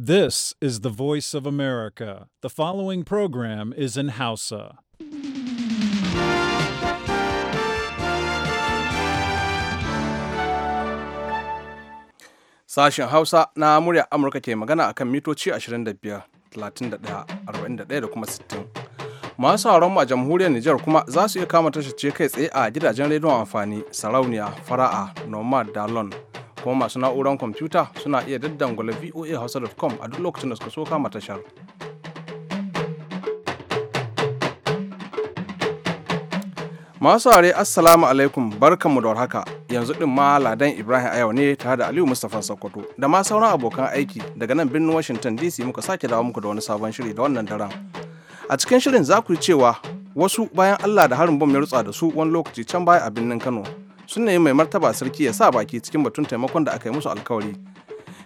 This is the voice of America. The following program is in Hausa. Sashen Hausa na murya Amurka ke magana a kan mitoci 25, 31, 41 da kuma 60. Masu sauran mu a jamhuriyar Nijar kuma za su iya kama tashar ce kai tsaye a gidajen rediyon amfani, sarauniya, fara'a, nomad, dalon, kuma masu na'urar kwamfuta suna iya daddangula voa hausa.com a duk lokacin da suka so kama tashar. Masu are assalamu alaikum mu da warhaka yanzu din ma ladan Ibrahim ayaw ne tare da Aliyu Mustapha Sokoto da ma sauran abokan aiki daga nan birnin Washington DC muka sake dawo muku da wani sabon shiri da wannan daren. A cikin shirin za ku yi cewa wasu bayan Allah da harin bom ya rutsa da su wani lokaci can baya a birnin Kano sun nemi mai martaba sarki ya sa baki cikin batun taimakon da aka yi musu alkawari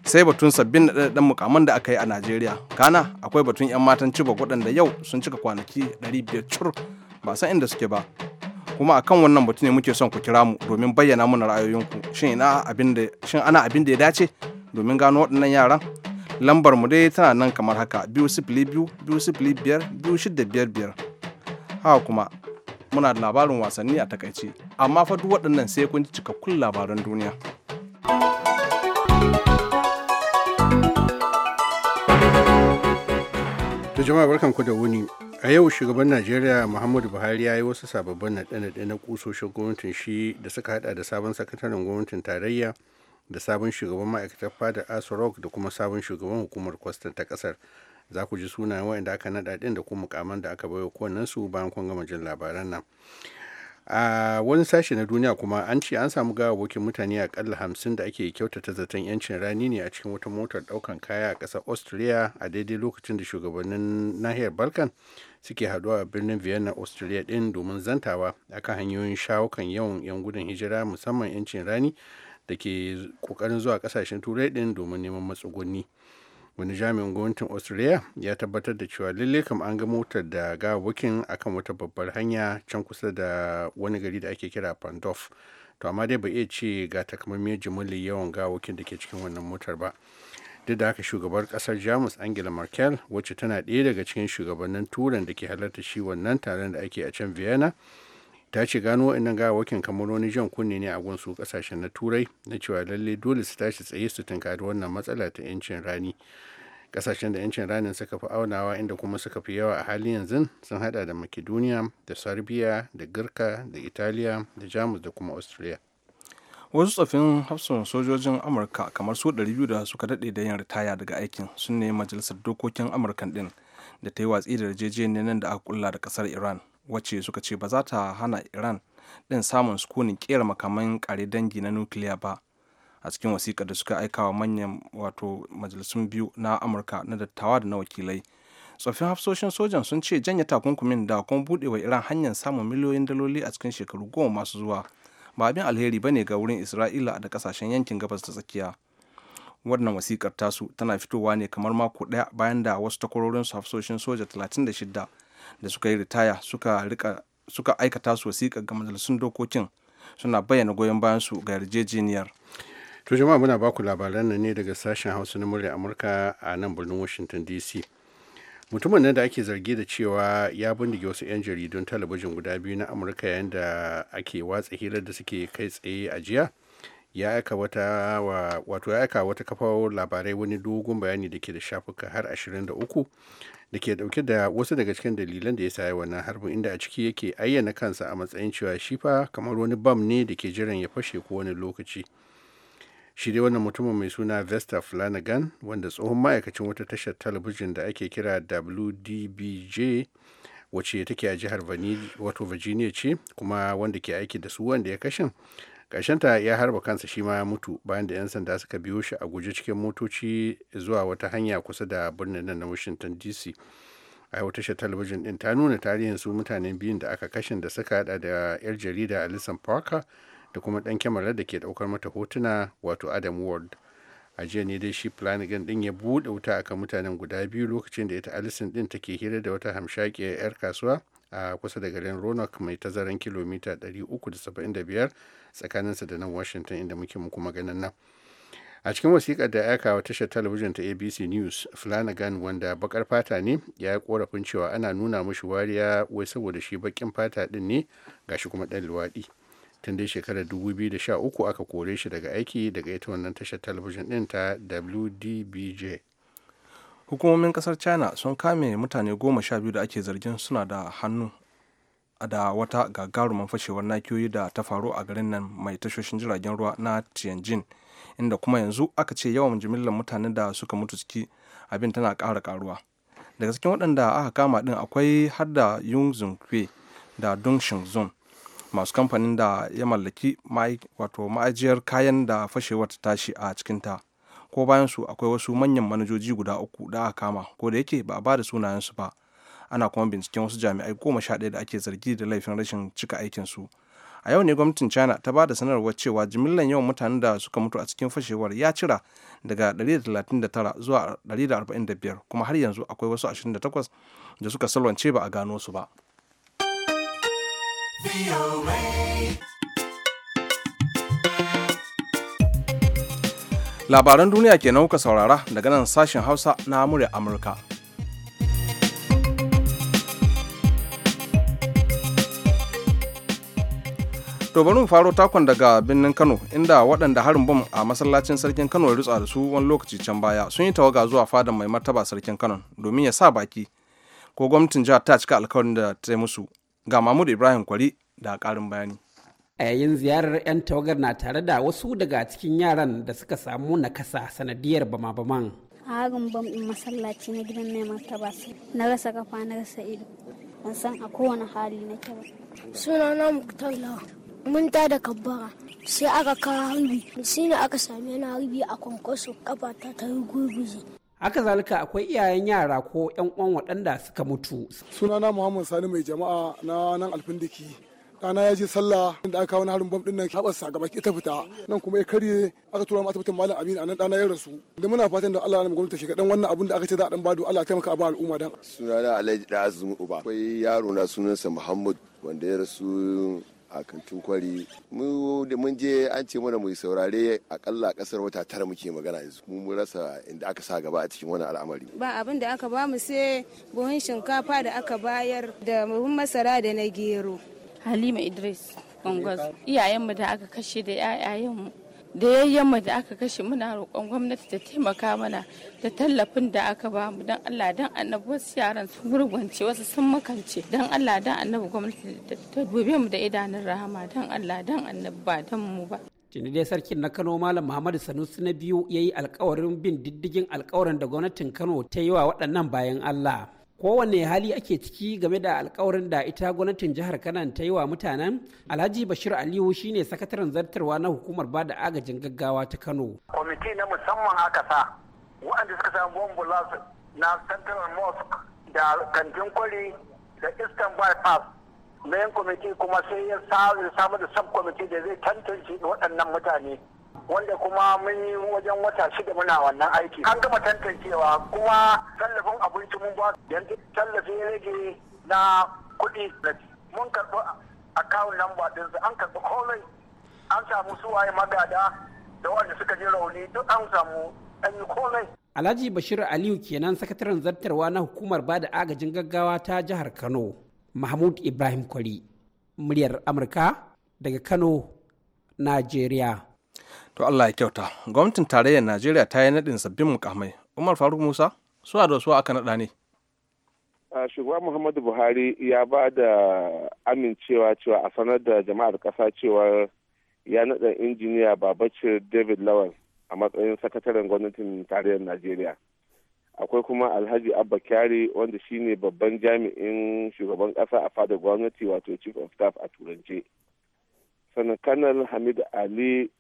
sai batun sabbin naɗaɗɗen mukaman da aka yi a najeriya kana akwai batun 'yan matan ciba waɗanda yau sun cika kwanaki 500 cur ba san inda suke ba kuma akan wannan batun ne muke son ku kira mu domin bayyana mana ra'ayoyinku shin shin ana abin da ya dace domin gano waɗannan yaran lambar mu dai tana nan kamar haka biyu sifili biyu biyu biyar biyu biyar biyar haka kuma muna da labarin wasanni a takaice amma fa duk waɗannan sai kun ji cikakkun labaran duniya to jama'a barkanku da wuni a yau shugaban najeriya muhammadu buhari ya yi wasu sababbin naɗe-naɗe na kusoshin gwamnatin shi da suka hada da sabon sakataren gwamnatin tarayya da sabon shugaban ma'aikatar fadar asrock da kuma sabon shugaban hukumar kwastan ta kasar za ku ji sunayen waɗanda aka naɗa ɗin da kuma mukaman da aka baiwa su bayan kun gama jin labaran nan a wani sashe na duniya kuma an ce an samu gawawwakin mutane akalla hamsin da ake kyautata zaton yancin rani ne a cikin wata motar ɗaukan kaya a ƙasar austria a daidai lokacin da shugabannin nahiyar balkan suke haduwa a birnin vienna austria din domin zantawa akan hanyoyin shawo yawan yan gudun hijira musamman yancin rani da ke kokarin zuwa ƙasashen turai ɗin domin neman matsugunni. wani jami'in gwamnatin australia ya tabbatar da cewa lalle kam an ga motar da gawawakin akan wata babbar hanya can kusa da wani gari da ake kira pandof to amma dai bai iya ce ga takamammiyar jimillar yawan gawawakin da ke cikin wannan motar ba duk da haka shugabar kasar jamus angela merkel wacce tana ɗaya daga cikin shugabannin turan da ke halarta shi wannan taron da ake a can vienna ta ce gano wa'annan gawakin kamar wani jan kunne ne a gunsu kasashen na turai na cewa lalle dole su tashi tsaye su tunkari wannan matsala ta yancin rani kasashen da yancin rani suka fi aunawa inda kuma suka fi yawa a halin yanzu sun hada da makedoniya da sarbiya da girka da italiya da jamus da kuma australia wasu tsafin hafsan sojojin amurka kamar su 200 da suka daɗe da yin ritaya daga aikin sun ne majalisar dokokin amurkan din da ta yi watsi da yarjejeniyar nan da aka kulla da ƙasar iran wacce suka ce ba za ta hana iran din samun sukunin kera makaman kare dangi na nukiliya ba a cikin wasiƙa da suka aika wa manyan wato majalisun biyu na amurka na dattawa da na wakilai tsoffin hafsoshin sojan sun ce janye takunkumin da kuma buɗe wa iran hanyar samun miliyoyin daloli a cikin shekaru goma masu zuwa ba abin alheri ba ne ga wurin isra'ila da kasashen yankin gabas ta tsakiya wannan wasikar tasu tana fitowa ne kamar mako ɗaya bayan da wasu takwarorin su hafsoshin soja 36 da suka yi ritaya suka aikata su wasiƙa ga majalisun dokokin suna bayyana goyon bayan su ga yarjejeniyar to jama'a muna baku labaran nan ne daga sashen hausa na murya amurka a nan birnin washington dc mutumin nan da ake zargi da cewa ya bindige wasu 'yan jaridun talabijin guda biyu na amurka yayin da ake watsa hirar da suke kai tsaye a jiya ya aika wata wa, wato ya aika wata kafar labarai wani dogon bayani da ke da shafuka har 23 da ke dauke da wasu daga cikin dalilan da ya sa wannan harbin inda a ciki yake ayyana kansa a matsayin cewa shi fa kamar wani bam ne da ke jiran ya fashe ko wani lokaci shi dai wannan mutumin mai suna Vesta Flanagan wanda tsohon ma'aikacin wata tashar talabijin da ake kira WDBJ wacce take a jihar wato Virginia ce kuma wanda ke aiki da su wanda ya kashin ta ya harba kansa shi ma ya mutu bayan da 'yan sanda suka biyo shi a guje cikin motoci zuwa wata hanya kusa da birnin nan na washington dc a tashar talabijin din ta nuna tarihin su mutanen biyun da aka kashin da suka hada da yar jarida alison parker da kuma dan kyamarar da ke daukar mata hotuna wato adam ward a jiya ne dai shi flanagan din ya buɗe wuta akan mutanen guda biyu lokacin da ita alison din take hira da wata hamshake yar kasuwa a kusa da garin roanoke mai tazaran kilomita 375 tsakaninsa da nan washington inda muke muku maganan nan a cikin wasiƙar da aka wa tashar talabijin ta abc news flanagan wanda bakar fata ne ya yi korafin cewa ana nuna mashi wariya wai saboda shi bakin fata din ne gashi kuma ɗan luwaɗi tun dai shekarar 2013 aka kore shi daga aiki daga ita wannan tashar talabijin ɗin ta wdbj hukumomin kasar china sun kame mutane goma sha biyu da ake zargin suna da hannu da wata gagarumin fashewar nakiyoyi da ta faru a garin nan mai tashoshin jiragen ruwa na tianjin inda kuma yanzu aka ce yawan jimillar mutanen da suka mutu ciki abin tana kara karuwa daga cikin waɗanda aka kama ɗin akwai har da yung zunkwe da dong shingzon masu kamfanin da ya mallaki ma'ajiyar kayan da fashewar ta tashi a cikinta ko bayan su akwai wasu manyan manajoji guda uku da aka kama ko da yake ba a ba da sunayensu ba ana kuma binciken wasu jami'ai goma sha ɗaya da ake zargi da laifin rashin cika aikin su a yau ne gwamnatin china ta ba da sanarwar cewa jimillan yawan mutanen da suka mutu a cikin fashewar ya cira daga 139 zuwa 145 kuma har yanzu akwai wasu ashirin 28 da suka salwance ba a gano su ba. labaran duniya ke nauka saurara daga nan sashen hausa na murya amurka Tobarin mu faro takon daga birnin kano inda waɗanda harin bom a masallacin sarkin kano ya rutsa da su wani lokaci can baya sun yi tawaga zuwa fadan mai martaba sarkin kano domin ya sa baki ko gwamnatin jihar ta cika alkawarin da ta yi musu ga mahmud ibrahim kwari da ƙarin bayani a yayin ziyarar 'yan tawagar na tare da wasu daga cikin yaran da suka samu nakasa sanadiyar bama-baman a harin bam in masallaci na gidan mai martaba na rasa kafa na rasa ido ban san a kowane hali na kyau suna na muktar mun ta da kabbara sai aka kawo harbi shi ne aka sami yana harbi a kwankwaso kafa ta ta gurguje haka zalika akwai iyayen yara ko yan uwan waɗanda suka mutu suna na muhammad sani mai jama'a na nan alfindiki Rana ya je sallah inda aka wani harin bom din nan sa gaba ki ta fita nan kuma ya karye aka tura mu asibitin Malam amin anan dana ya rasu. Da muna fatan da Allah ya gwamnati shiga dan wannan abun da aka ce za a dan bado Allah ya taimaka a ba al'umma dan. Sunana Alhaji da Azumi Uba. Akwai yaro na sunansa Muhammad wanda ya rasu a kantin kwari mu da mun je an ce mana mu saurare akalla a kasar wata tara muke magana yanzu mu mun rasa inda aka sa gaba a cikin wannan al'amari ba abin da aka ba mu sai buhun shinkafa da aka bayar da buhun masara da na gero halima idris gwangwazo iyayenmu da aka kashe da 'ya'yayenmu da yayyenmu da aka kashe muna roƙon gwamnati ta taimaka mana da tallafin da aka ba mu don Allah don annabi wasu yaran sun gurgunce wasu sun makance don Allah don annabi gwamnati ta dube mu da idanun rahama don Allah don annabi ba don mu ba. dai sarkin na Kano Malam Muhammadu Sanusi na biyu ya yi alkawarin bin diddigin alkawarin da gwamnatin Kano ta yi wa waɗannan bayan Allah. kowane hali ake ciki game da alkawarin da ita gwamnatin jihar kanan ta yi wa mutanen alhaji bashir aliyu shine sakataren zartarwa na hukumar ba da agajin gaggawa ta kano kwamiti na musamman aka sa waɗanda suka samu bombulas na central mosque da kantin kwari da eastern bypass main kwamiti kuma sai ya samu da sub kwamiti da zai tantance waɗannan mutane wanda kuma mun yi wajen wata shida muna wannan aiki an gama tantancewa kuma tallafin abinci mun ba yanzu tallafi rage na kuɗi mun karɓi akawun ɗin ɗinsu an karɓi komai an samu suwaye magada da wanda suka ji rauni duk an samu an yi komai Alhaji Bashir Aliyu kenan sakataren zartarwa na hukumar bada agajin gaggawa ta jihar Kano, Mahmud Ibrahim Kwari, muryar Amurka daga Kano, Najeriya. to allah ya kyauta gwamnatin tarayyar najeriya ta yi naɗin sabbin mukamai umar faruk musa su da su aka naɗa ne shugaba muhammadu buhari ya ba da amincewa cewa a sanar da jama'ar ƙasa cewa ya naɗa injiniya babacir david lawal a matsayin sakataren gwamnatin tarayyar najeriya akwai kuma alhaji abba kyari wanda shine babban jami'in shugaban ƙasa a fadar gwamnati wato chief of staff a turance sannan kanal hamid ali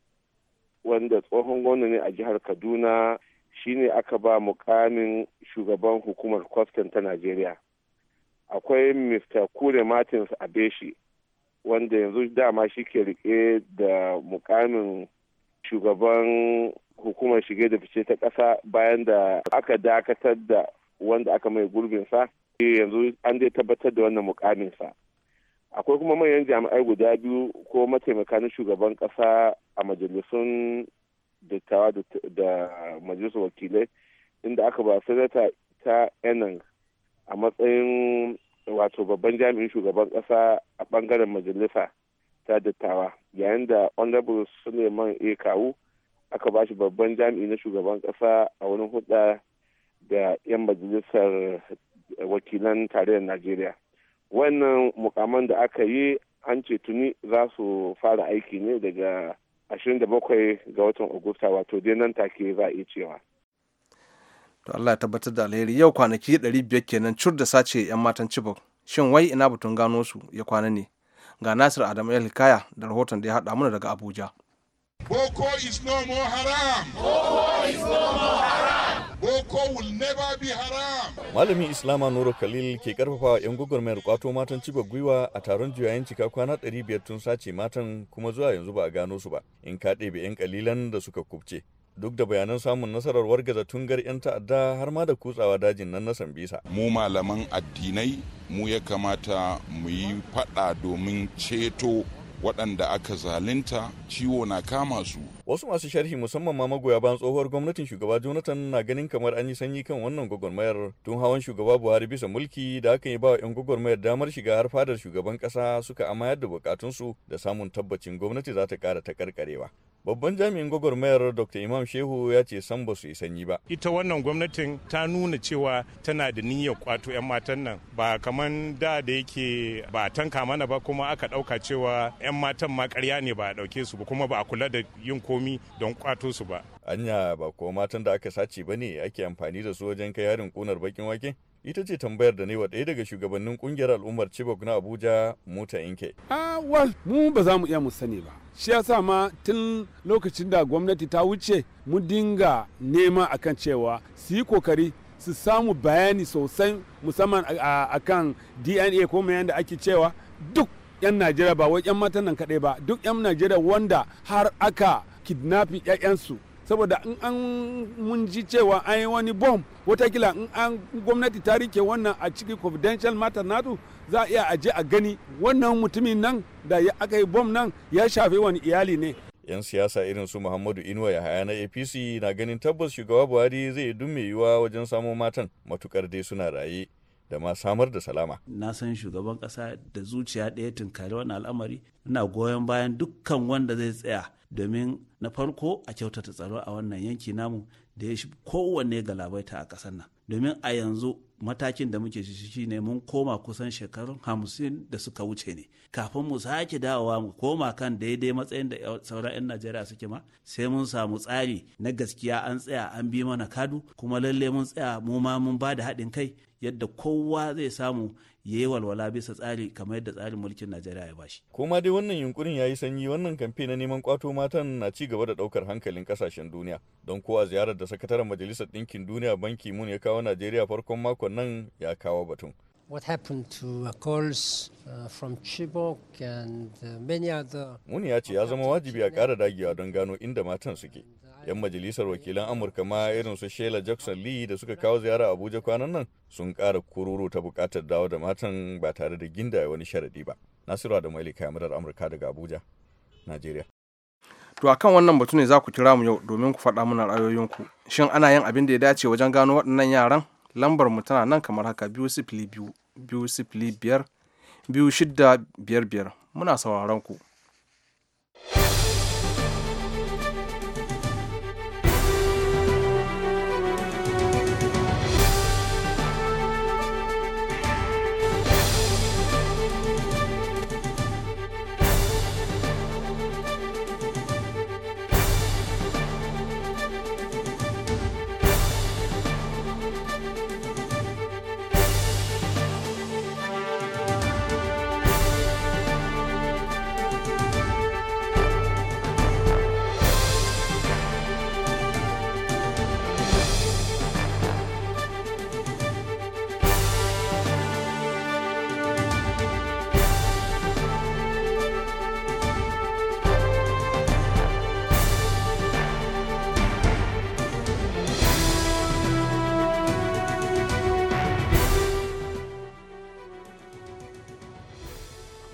wanda tsohon gwamna ne a jihar kaduna shine aka ba mukamin shugaban hukumar kwastan ta najeriya akwai mr kure martins abeshi wanda yanzu dama shi ke rike da mukamin shugaban hukumar shige da fice ta kasa bayan da aka dakatar da wanda aka mai gurbinsa yanzu an dai tabbatar da wannan mukaminsa akwai kuma manyan jami'ai guda biyu ko mataimaka na shugaban ƙasa a majalisun dattawa da majalisar wakilai inda aka ba sanata ta enang a matsayin wato babban jami'in shugaban kasa a bangaren majalisa ta dattawa yayin da honorable suleiman a kawu aka ba shi babban jami'i na shugaban kasa a wani hudda da 'yan majalisar wakilan tarayyar najeriya wannan mukaman da aka yi an ce tuni za su fara aiki ne daga 27 ga watan Agusta wato dai nan take za a iya cewa. To Allah ya tabbatar da alheri yau kwanaki biyar kenan cur da sace 'yan matan cibok Shin wai ina batun gano su ya kwana ne? Ga Nasir Adam El Hikaya da rahoton da ya haɗa mana daga Abuja. Boko is no more haram. Boko is no more haram. Boko will never be haram. malami Islama Nuru Khalil ke karfafa 'yan gwagwarmayar kwato matan ciba gwiwa a taron juyayen cika kwana 500 tun sace matan kuma zuwa yanzu ba a gano su ba in ka ɗebe 'yan kalilan da suka kubce. Duk da bayanan samun nasarar wargaza tungar 'yan ta'adda har ma da kutsawa dajin nan na Sambisa. Mu malaman addinai mu ya kamata mu yi faɗa domin ceto waɗanda aka zalunta ciwo na kama su. Wasu masu sharhi musamman ma magoya bayan tsohuwar gwamnatin shugaba Jonathan na ganin kamar an yi sanyi kan wannan gwagwarmayar tun hawan shugaba Buhari bisa mulki da aka yi ba wa 'yan gwagwarmayar damar shiga har fadar shugaban ƙasa suka amayar da bukatunsu da samun tabbacin gwamnati za ta ƙara ta karkarewa. Babban jami'in gwagwarmayar Dr. Imam Shehu ya ce san ba su sanyi ba. Ita wannan gwamnatin ta nuna cewa tana da niyyar kwato 'yan matan nan ba kamar da da yake ba tanka mana ba kuma aka ɗauka cewa 'yan matan ma ƙarya ne ba a ɗauke su ba kuma ba a kula da yin komi don kwato su ba. Anya ba ko matan da aka sace ba ne ake amfani da su wajen kai harin ƙunar bakin wake? ita ce tambayar da ne wa ɗaya daga shugabannin kungiyar al'ummar Chibok na Abuja Muta Inke. Ah, wal, mu ba za mu iya mu sani ba. Shi yasa ma tun lokacin da gwamnati ta wuce mu dinga nema akan cewa su yi kokari su samu bayani sosai musamman akan DNA ko mai da ake cewa duk 'yan Najeriya ba wai 'yan matan nan kaɗai ba duk 'yan Najeriya wanda har aka kidnapping 'ya'yansu saboda in an mun ji cewa an yi wani bom watakila in an gwamnati ta rike wannan a cikin confidential matter natu za a iya aje a gani wannan mutumin nan da aka yi bom nan ya shafi wani iyali ne 'yan siyasa irin su muhammadu inuwa ya haya na apc na ganin tabbas shugaba buhari zai dumme yiwa wajen samo matan matukar dai suna raye da ma samar da salama. Na san shugaban kasa da zuciya ɗaya tunkari wani al'amari ina goyon bayan dukkan wanda zai tsaya domin na farko a kyautata tsaro a wannan yanki namu da ya shi kowanne galabaita a kasar nan domin a yanzu matakin da muke shi ne mun koma kusan shekarun hamsin da suka wuce ne kafin mu sake dawowa mu koma kan daidai matsayin da sauran 'yan najeriya suke ma sai mun samu tsari na gaskiya an tsaya an bi mana kadu kuma lalle mun tsaya mu ma mun ba da haɗin kai yadda kowa zai samu ya yi walwala bisa tsari kamar yadda tsarin mulkin najeriya ya bashi kuma dai wannan yunkurin ya yi sanyi wannan kamfe na neman kwato matan na ci gaba da daukar hankalin kasashen duniya don kowa ziyarar da sakataren majalisar ɗinkin duniya banki mun ya kawo najeriya farkon makon nan ya kawo batun What happened to calls uh, from Chibok and uh, many other... Muni ya ce ya zama wajibi a kara dagewa don gano inda matan suke. 'Yan majalisar wakilan Amurka ma irin su shela Jackson Lee da suka kawo ziyara Abuja kwanan nan sun kara kururu ta bukatar dawo da matan ba tare da ginda wani sharaɗi ba. Nasiru da Maili Kamarar Amurka daga Abuja, Najeriya. To a wannan batu ne za ku kira mu yau domin ku faɗa mana ra'ayoyinku. Shin ana yin abin da ya dace wajen gano waɗannan yaran? Lambar mu tana nan kamar haka biyu sifili biyu, biyu sifili biyar, biyu shidda biyar biyar. Muna sauraron ku.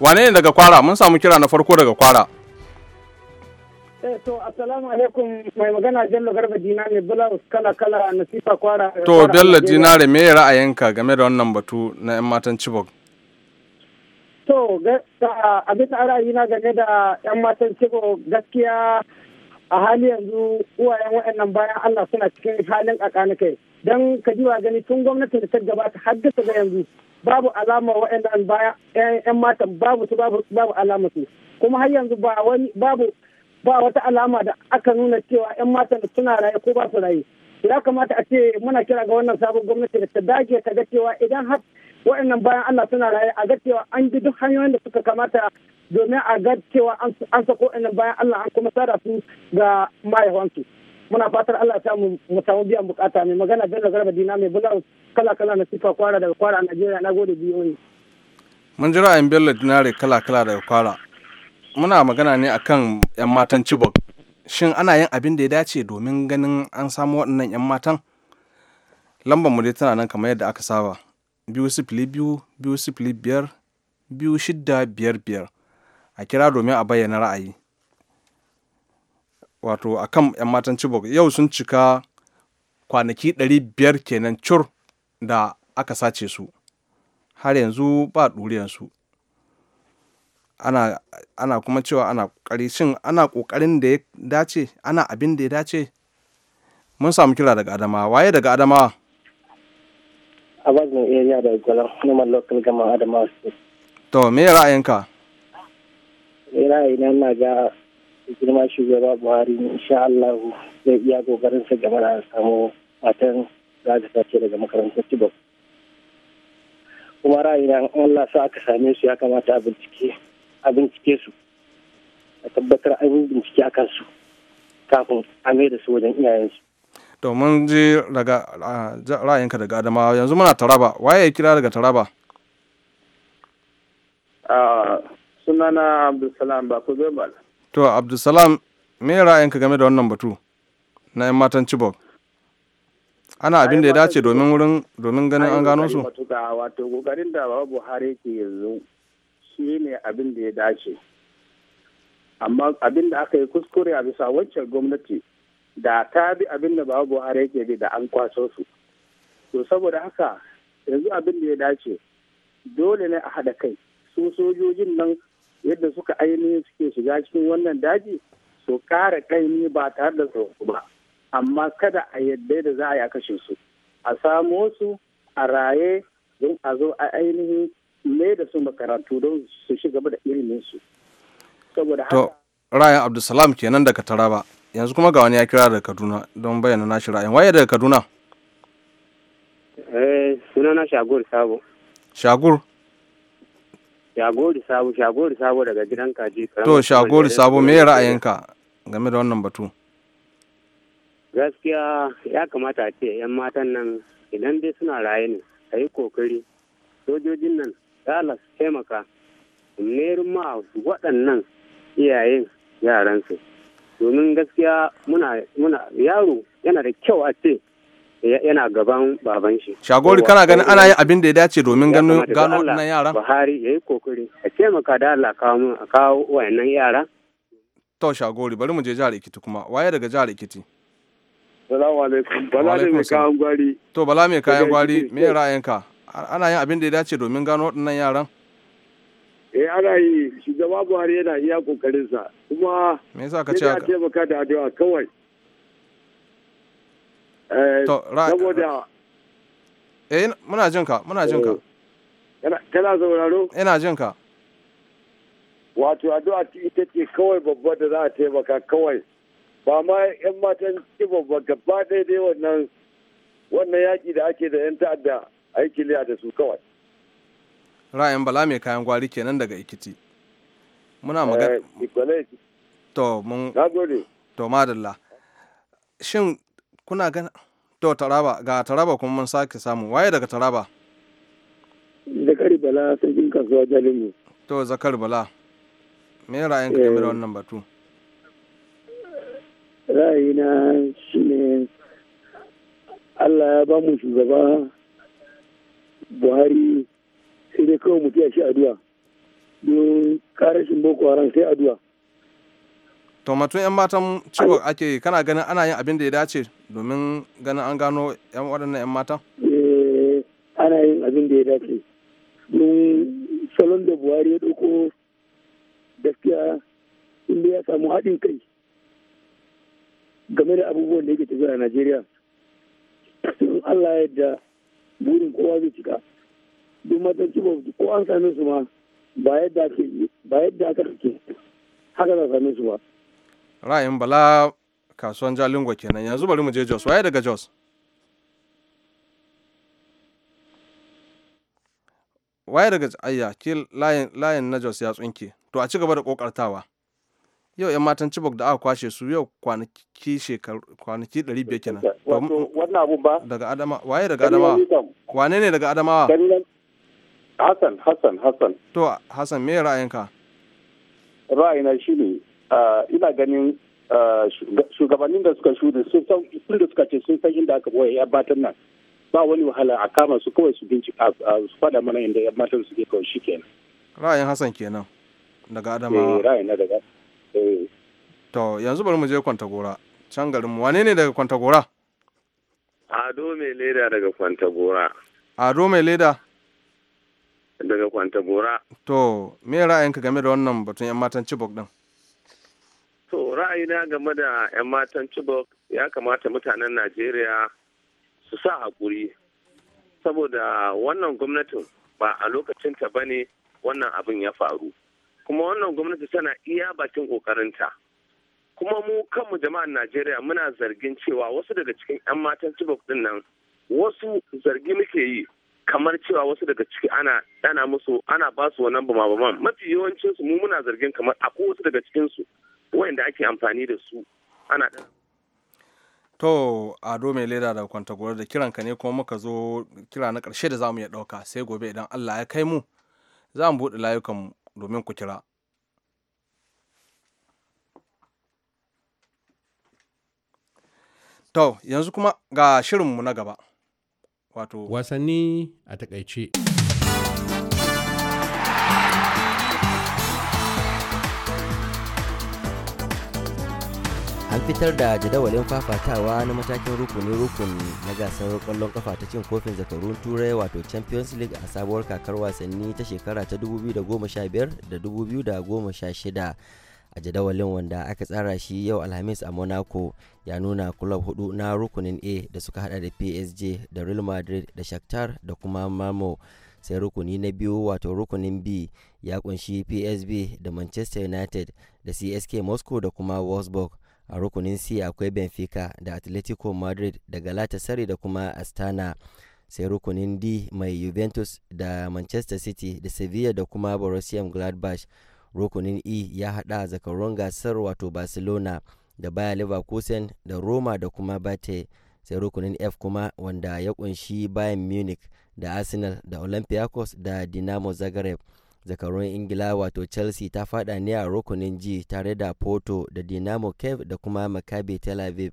wane ne daga kwara mun samu kira na farko daga kwara eh, to assalamu alaikum mai magana Bello Garba Dinare Bula kala kala Nasifa Kwara eh, To Bello Dinare me ra'ayinka game da wannan batu na yan matan Chibok To a bisa ra'ayina game da yan matan Chibok gaskiya a hali yanzu uwayen waɗannan bayan Allah suna cikin halin kai don ka ji gani tun gwamnatin da ta gabata har ga yanzu babu alama waɗannan baya yan matan babu su babu alama su kuma har yanzu ba wani babu ba wata alama da aka nuna cewa yan matan suna raye ko ba su raye ya kamata a ce muna kira ga wannan sabon gwamnati da ta dage ta ga cewa idan har waɗannan bayan Allah suna raye a ga cewa an bi duk hanyoyin da suka kamata domin a ga cewa an sako waɗannan bayan Allah an kuma sada su ga mahaifansu. muna fatar Allah ya mu mu samu biyan bukata mai magana Bello Garba Dina mai bulan kala kala na sifa kwara daga kwara a Najeriya na gode biyoyi. Mun jira ayin Bello Dinare kala kala daga kwara. Muna magana ne akan yan matan Chibok. Shin ana yin abin da ya dace domin ganin an samu waɗannan yan matan? Lambar mu dai tana nan kamar yadda aka saba. Biyu sifili biyu, biyu sifili biyar, biyu shidda biyar biyar. A kira domin a bayyana ra'ayi. wato a kan yan matan Chibok yau sun cika kwanaki 500 kenan cur da aka sace su har yanzu ba ɗuriyansu ana, ana kuma cewa ana ƙoƙari shin ana ƙoƙarin da ya dace ana abin da ya dace mun samu kira daga adamawa waye daga adamawa a mai area da gwalar neman local gama adamawa to me ra'ayinka ra'ayina na ga girma shugaba buhari insha Allah zai iya kokarin sa game da samu matan za ta sace daga makarantar tibok kuma ra'ayin Allah sa aka same su ya kamata a bincike a bincike su a tabbatar an yi bincike a kansu kafin a mai da su wajen iyayensu domin ji daga ra'ayinka daga adamawa yanzu muna taraba waye ya kira daga taraba sunana abdulsalam bako zebal To Abdulsalam me ra'ayinka game da wannan batu na 'yan matan Chibok? Ana abin da ya dace domin wurin domin ganin an gano su? Wato kokarin da Buhari ke yanzu shi ne abin da ya dace. Amma abin da aka yi kuskure a bisa wancan gwamnati da ta bi abin da babu Buhari ke bi da an kwaso su. To saboda haka yanzu abin da ya dace dole ne a haɗa kai su sojojin nan yadda suka ainihin suke shiga cikin wannan daji su kai ƙaimi ba tare da tsoro ba amma kada a yadda da za a yi a kashe su a samo su a raye don a zo a ainihin me da su makarantu don su shi gaba da ilimin su saboda haka rayan abdulsalam kenan daga taraba yanzu kuma ga wani ya kira daga kaduna don bayyana nashi ra'ayin waye daga kaduna eh sunana shagur sabo shagur Shagori Sabo, Shagori Sabo daga gidan kaji. To Shagori Sabo me ra'ayinka game da wannan batu? Gaskiya ya kamata a ce 'yan matan nan idan dai suna raye ne a yi kokari sojojin nan dala su taimaka nerin ma waɗannan iyayen yaransu domin gaskiya muna yaro yana da kyau a ce yana gaban baban shi. Shagori kana ganin ana yin abin da ya dace domin gano wannan yara? Buhari ya yi kokari a maka da Allah kawo a kawo wayannan yara. To Shagori bari mu je jihar Ekiti kuma waye daga jihar Ekiti? Salamu alaikum Bala ne mai kayan gwari. To Bala mai kayan gwari me ra'ayinka? Ana yin abin da ya dace domin gano waɗannan yaran? Eh ana yi shugaba Buhari yana iya sa kuma me yasa ka ce haka? ce taimaka da addu'a kawai. Eh, to saboda eh muna jin ka muna jin ka eh, kana sauraro ina jin ka wato addu'a ita ce kawai babba da za a taimaka kawai ba ma yan matan ci babba gaba ɗaya dai wannan wannan yaƙi da ake da yan ta'adda aiki liya da su kawai ra'ayin bala mai kayan gwari kenan daga ikiti muna magana eh, to mun to madalla shin kuna gana to taraba ga taraba kuma mun sake samu waye daga taraba zakar bala sarkin kasuwa jalinmu to zakar bala me ra'ayin ka game da eh. wannan batu ra'ayina shine Allah ya ba mu shugaba Buhari sai dai kawai mutu ya shi addu'a don karashin boko haram sai addu'a to matun 'yan matan ciwo ake kana ganin ana yin abin da ya dace domin ganin an gano 'yan waɗannan 'yan matan? Eh, ana yin abin da ya dace mun salon da buhari ya ɗauko gaskiya inda ya samu haɗin kai game da abubuwan da yake tafi a najeriya sun allah yadda burin kowa zai cika duk matan ciwo ko an same su ma ba yadda aka ke haka za same su ba ra'ayin bala kasuwan jalingo kenan yanzu bari mu je jos waye daga jos waye daga ayya ke layin na jos ya tsunke to a ci gaba da kokartawa yau yan matan cibok da aka kwashe su yau kwanaki shekaru kwanaki 500 kenan wannan abun ba daga adama waye daga adamawa wane ne daga adamawa hassan hassan hassan to hassan me ra'ayinka ra'ayina shine Eh, ina ganin eh, shugabannin da suka shuɗe sun san da suka ce sun san inda aka boye yan matan nan ba wani wahala a kama su kawai su bincika su faɗa mana inda yan matan suke kawai shi kenan ra'ayin hassan kenan daga adama eh ra'ayin na daga eh. to yanzu bari mu je kwantagora can garin mu wane ne daga kwantagora ado mai leda daga kwantagora ado mai leda daga kwantagora to me ra'ayinka game da wannan batun yan matan chibok din To ra'ayina game da 'yan matan Chibok ya kamata mutanen Najeriya su sa haƙuri saboda wannan gwamnatin ba a lokacin ta ba ne wannan abin ya faru. Kuma wannan gwamnati tana iya bakin ƙoƙarinta. Kuma mu kanmu jama'ar Najeriya muna zargin cewa wasu daga cikin 'yan matan Chibok ɗinnan nan wasu zargi muke yi kamar cewa wasu daga ciki ana ana musu ana ba su wannan bama mafi yawancinsu mu muna zargin kamar akwai wasu daga cikinsu. wayanda ake amfani da su ana To Ado mai leda da kwantagoro da kiran ka ne kuma muka zo kira na ƙarshe da za mu iya ɗauka sai gobe idan Allah ya kai mu za mu buɗe layukanmu domin ku kira. To yanzu kuma ga shirin mu na gaba. Wato. Wasanni a takaice. fitar da jadawalin fafatawa na matakin rukuni-rukuni na gasar kwallon kafa ta cin kofin zakarun turai wato champions league a sabuwar kakar wasanni ta shekara ta 2015 da 2016 a jadawalin wanda aka tsara shi yau alhamis a monaco ya nuna kulob hudu na rukunin a da suka hada da psg da real madrid da shakhtar da kuma mamo sai rukuni na biyu wato rukunin b ya kunshi psb da manchester united da csk moscow da kuma wolfsburg a rukunin c akwai benfica da atletico madrid da galatasaray da kuma astana sai rukunin d mai juventus da manchester city da sevilla da kuma borussia gladbach rukunin e ya hada zakarun gasar wato barcelona da baya leverkusen da roma da kuma bate sai rukunin f kuma wanda ya kunshi bayan munich da arsenal da olympiacos da dinamo zagreb zakarun ingila wato chelsea ta fada ne a rukunin ji tare da porto da dinamo cape da kuma maccabi tel aviv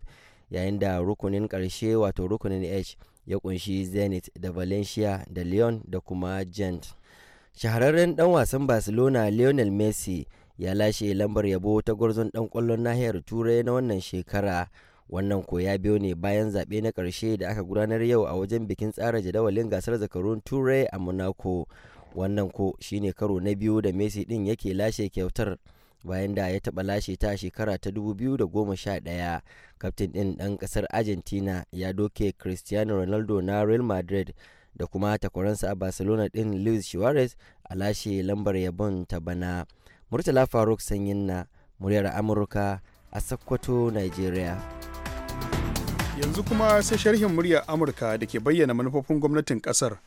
yayin da rukunin karshe wato rukunin h ya kunshi zenith da valencia da lyon da kuma gent shahararren dan wasan barcelona lionel messi ya lashe lambar yabo ta gwarzon dan kwallon nahiyar turai na wannan shekara wannan ko ya biyo ne bayan zaɓe na ƙarshe da aka gudanar yau a wajen bikin tsara jadawalin gasar zakarun turai a monaco wannan ko shine karo na biyu da messi din yake lashe kyautar bayan da ya taba lashe ta shekara ta 2011 kaftin din dan kasar argentina ya doke cristiano ronaldo na real madrid da kuma takwaransa a barcelona din luis suarez a lashe lambar yabon ta bana murtala faruk sanyin na muryar amurka a sakkwato nigeria yanzu kuma sai sharhin muryar amurka da ke bayyana manufofin gwamnatin kasar.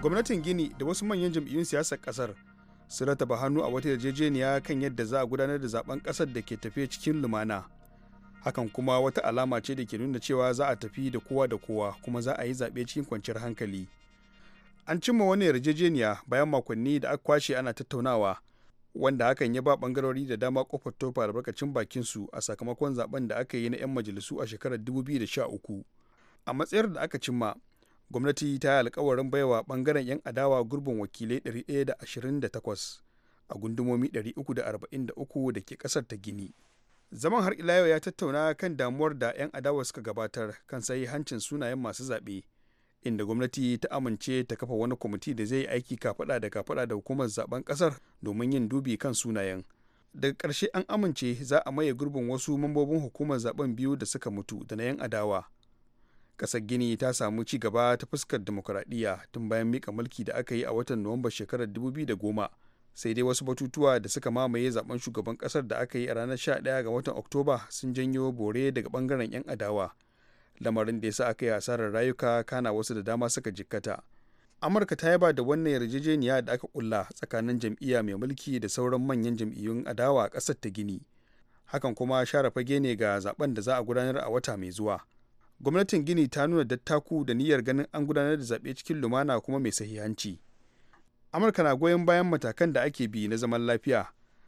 gwamnatin gini da wasu manyan jam'iyyun siyasar kasar su rataba hannu a wata yarjejeniya kan yadda za a gudanar da zaben kasar da ke tafiya cikin lumana hakan kuma wata alama ce da ke nuna cewa za a tafi da kowa da kowa kuma za a yi zaɓe cikin kwanciyar hankali an cimma wani yarjejeniya bayan makonni da aka kwashe ana tattaunawa wanda hakan ya ba bangarori da dama kofar tofa albarkacin bakin su a sakamakon zaben da aka yi na 'yan majalisu a shekarar 2013 a matsayar da aka cimma gwamnati ta yi alkawarin baiwa bangaren 'yan adawa gurbin wakilai 128 a gundumomi 343 da ke kasar ta gini zaman har ila ya tattauna kan damuwar da 'yan adawa suka gabatar kan sai hancin sunayen masu zaɓe inda gwamnati ta amince ta kafa wani kwamiti da zai aiki kafaɗa da kafaɗa da hukumar zaben kasar domin yin dubi kan sunayen daga ƙarshe an amince za a maye gurbin wasu mambobin hukumar zaben biyu da suka mutu da na 'yan adawa kasar gini ta samu ci gaba ta fuskar demokuraɗiyya tun bayan mika mulki da aka yi a watan nuwamba shekarar 2010 sai dai wasu batutuwa da suka mamaye zaben shugaban kasar da aka yi a ranar 11 ga watan oktoba sun janyo bore daga bangaren 'yan adawa lamarin da ya sa aka yi hasarar rayuka kana wasu da dama suka jikkata amurka ta yaba da wannan yarjejeniya da aka kulla tsakanin jam'iyya mai mulki da sauran manyan jam'iyyun adawa a ƙasar ta gini hakan kuma share fage ne ga zaben da za a gudanar a wata mai zuwa gwamnatin gini ta nuna dattaku da niyyar ganin an gudanar da zaɓe cikin lumana kuma mai sahihanci amurka na goyon bayan matakan da ake bi na zaman lafiya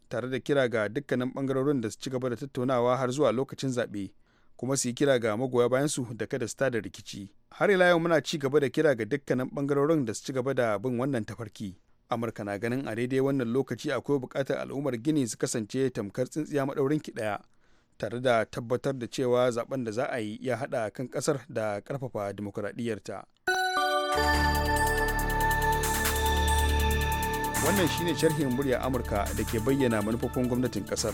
tare da kira ga dukkanin bangarorin da su ci gaba da tattaunawa har zuwa lokacin zaɓe kuma su yi kira ga magoya bayan su da kada su tada rikici har ila yau muna ci gaba da kira ga dukkanin bangarorin da su ci gaba da bin wannan tafarki amurka na ganin a daidai wannan lokaci akwai buƙatar al'ummar gini su kasance tamkar tsintsiya maɗaurin ki ɗaya tare da tabbatar da cewa zaben da za a yi ya hada kan kasar da karfafa demokuraɗiyyarta. wannan shine sharhin murya amurka da ke bayyana manufofin gwamnatin kasar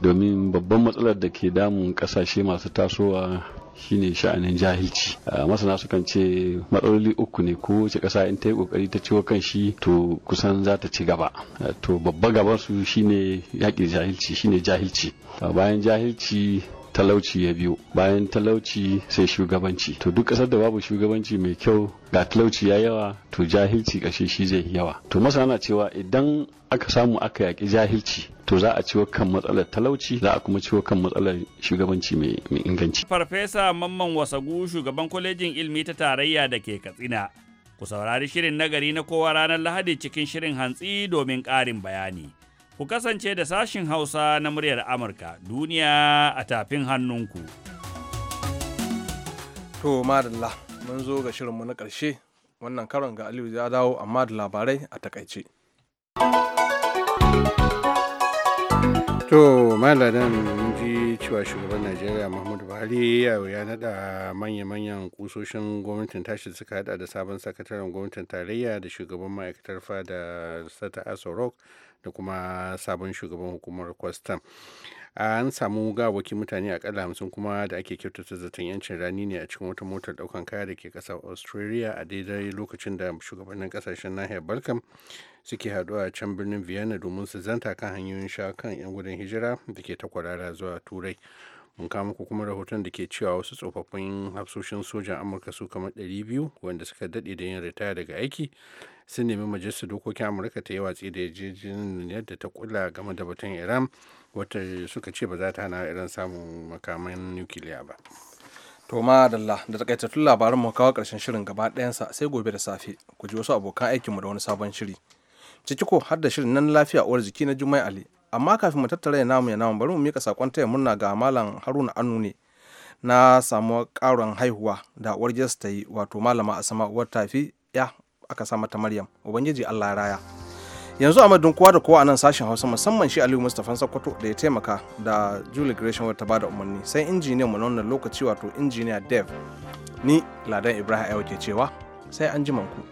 domin babban matsalar da ke damun kasashe masu tasowa shine sha'anin jahilci ah, masana su kan ce matsaloli uku ne ko wace ƙasa in ta yi ƙoƙari ta ciwo kan shi to kusan za ta ci gaba ah, to babba gaban su shine yaƙi jahilci shine jahilci ah, bayan jahilci talauci ya biyo bayan talauci sai shugabanci to duk ƙasar da babu shugabanci mai kyau ga talauci ya yawa to jahilci ƙashe shi zai yawa to masana cewa idan aka samu aka yaƙi jahilci to za a ciwo kan matsalar talauci za a kuma ciwo kan matsalar shugabanci mai inganci. Farfesa Mamman Wasagu shugaban kwalejin ilmi ta tarayya da ke Katsina. Ku saurari shirin nagari na kowa ranar Lahadi cikin shirin hantsi domin ƙarin bayani. Ku kasance da sashin Hausa na muryar Amurka duniya a tafin hannunku. To madalla mun zo ga shirinmu na ƙarshe wannan karon ga Aliyu ya dawo amma da labarai a takaice. to malamin mun ji cewa shugaban najeriya muhammadu buhari yau ya nada manya-manyan kusoshin gwamnatin tashi suka hada da sabon sakataren gwamnatin tarayya da shugaban ma'aikatar fada sata aso da kuma sabon shugaban hukumar kwastam an samu gawaki mutane akalla hamsin kuma da ake kyautata zaton yancin rani ne a cikin wata motar daukan kaya da ke kasar australia a daidai lokacin da shugabannin kasashen nahiyar balkan suke haɗuwa a can birnin vienna domin su zanta kan hanyoyin sha kan 'yan gudun hijira da ke takwarara zuwa turai mun kama muku kuma rahoton da ke cewa wasu tsofaffin hafsoshin sojan amurka su kamar 200 wanda suka daɗe da yin ritaya daga aiki sun nemi majalisar dokokin amurka ta yi watsi da yarjejeniyar yadda ta kula game da batun iran wata suka ce ba za ta hana iran samun makaman nukiliya ba to ma dalla da takaitattun labaran mu kawo karshen shirin gaba ɗayansa sai gobe da safe ku ji wasu abokan aikinmu da wani sabon shiri ciki ko har da shirin nan lafiya uwar jiki na Jummai Ali. Amma kafin mu tattara ya namu ya bari mu mika sakon taya murna ga Malam Haruna Anu ne na samu karon haihuwa da uwar jiyarsa ta yi wato malama Asama uwar tafi ya aka sa mata Maryam Ubangiji Allah ya raya. Yanzu a madun kowa da kowa a nan sashen Hausa musamman shi Aliyu Mustafa Sokoto da ya taimaka da Julie Gresham wata bada umarni sai injiniya mu na wannan lokaci wato injiniya Dev ni Ladan Ibrahim Ayo ke cewa sai an ji manku.